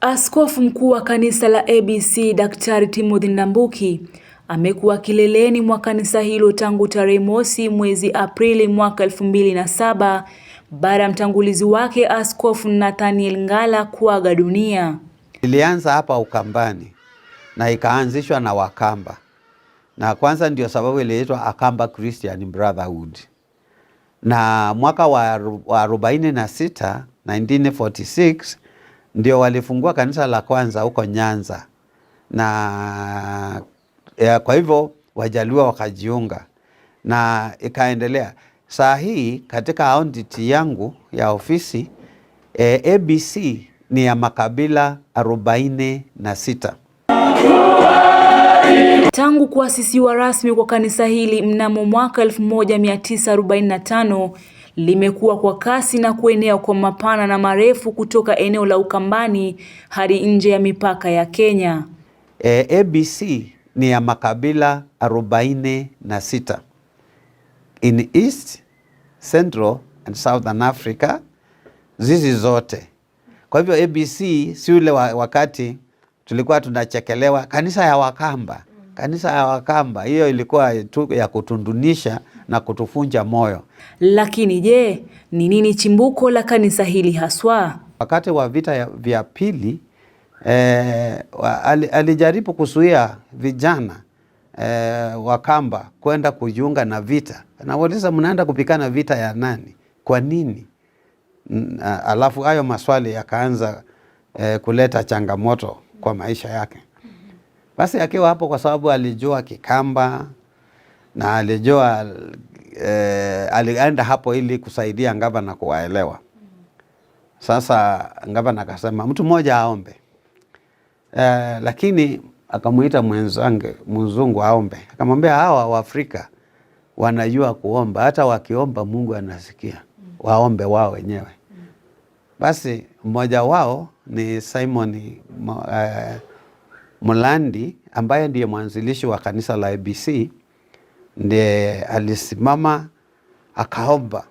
Askofu mkuu wa kanisa la ABC Daktari Timothy Ndambuki amekuwa kileleni mwa kanisa hilo tangu tarehe mosi mwezi Aprili mwaka elfu mbili na saba baada ya mtangulizi wake Askofu Nathaniel Ngala kuaga dunia. Ilianza hapa Ukambani na ikaanzishwa na Wakamba, na kwanza ndio sababu iliitwa Akamba Christian Brotherhood na mwaka wa 46 1946 ndio walifungua kanisa la kwanza huko Nyanza, na ya, kwa hivyo wajaliwa wakajiunga na ikaendelea. Saa hii katika audit yangu ya ofisi e, ABC ni ya makabila arobaini na sita. Tangu kuasisiwa rasmi kwa kanisa hili mnamo mwaka 1945 limekuwa kwa kasi na kuenea kwa mapana na marefu kutoka eneo la Ukambani hadi nje ya mipaka ya Kenya. E, ABC ni ya makabila 46 in East, Central and Southern Africa zizi zote. Kwa hivyo ABC si ule wakati tulikuwa tunachekelewa kanisa ya Wakamba kanisa ya Wakamba. Hiyo ilikuwa tu ya kutundunisha na kutufunja moyo. Lakini je, ni nini chimbuko la kanisa hili haswa? Wakati wa vita vya pili eh, alijaribu kuzuia vijana eh, Wakamba kwenda kujiunga na vita. Nawauliza, mnaenda kupigana vita ya nani? Kwa nini? Alafu hayo maswali yakaanza eh, kuleta changamoto kwa maisha yake. Basi akiwa hapo, kwa sababu alijua Kikamba na alijua eh, alienda hapo ili kusaidia ngavana kuwaelewa. Sasa ngavana akasema mtu mmoja aombe eh, lakini akamwita mwenzange mzungu aombe, akamwambia hawa Waafrika wanajua kuomba, hata wakiomba Mungu anasikia, waombe wao wenyewe. Basi mmoja wao ni Simon eh, Mulandi ambaye ndiye mwanzilishi wa kanisa la ABC ndiye alisimama akaomba.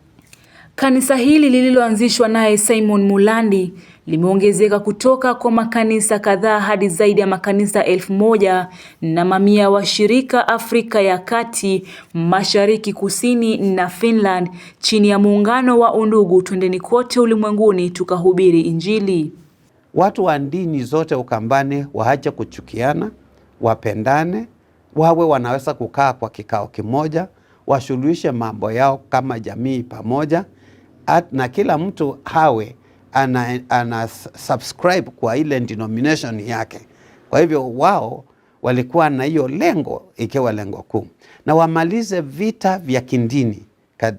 Kanisa hili lililoanzishwa naye Simon Mulandi limeongezeka kutoka kwa makanisa kadhaa hadi zaidi ya makanisa elfu moja na mamia washirika Afrika ya Kati, Mashariki, Kusini na Finland chini ya muungano wa Undugu. Twendeni kote ulimwenguni tukahubiri Injili watu wa dini zote ukambane, waache kuchukiana, wapendane, wawe wanaweza kukaa kwa kikao kimoja, washuluhishe mambo yao kama jamii pamoja at, na kila mtu hawe ana, ana subscribe kwa ile denomination yake. Kwa hivyo wao walikuwa na hiyo lengo ikiwa lengo kuu, na wamalize vita vya kindini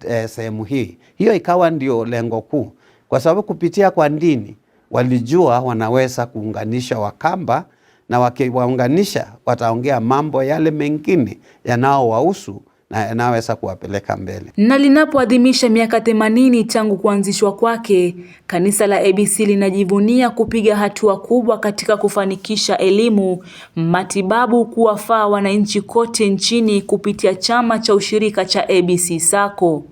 eh, sehemu hii hiyo ikawa ndio lengo kuu, kwa sababu kupitia kwa dini walijua wanaweza kuunganisha Wakamba na wakiwaunganisha wataongea mambo yale mengine yanaowahusu na yanaweza kuwapeleka mbele. Na linapoadhimisha miaka themanini tangu kuanzishwa kwake, kanisa la ABC linajivunia kupiga hatua kubwa katika kufanikisha elimu, matibabu kuwafaa wananchi kote nchini kupitia chama cha ushirika cha ABC Sacco.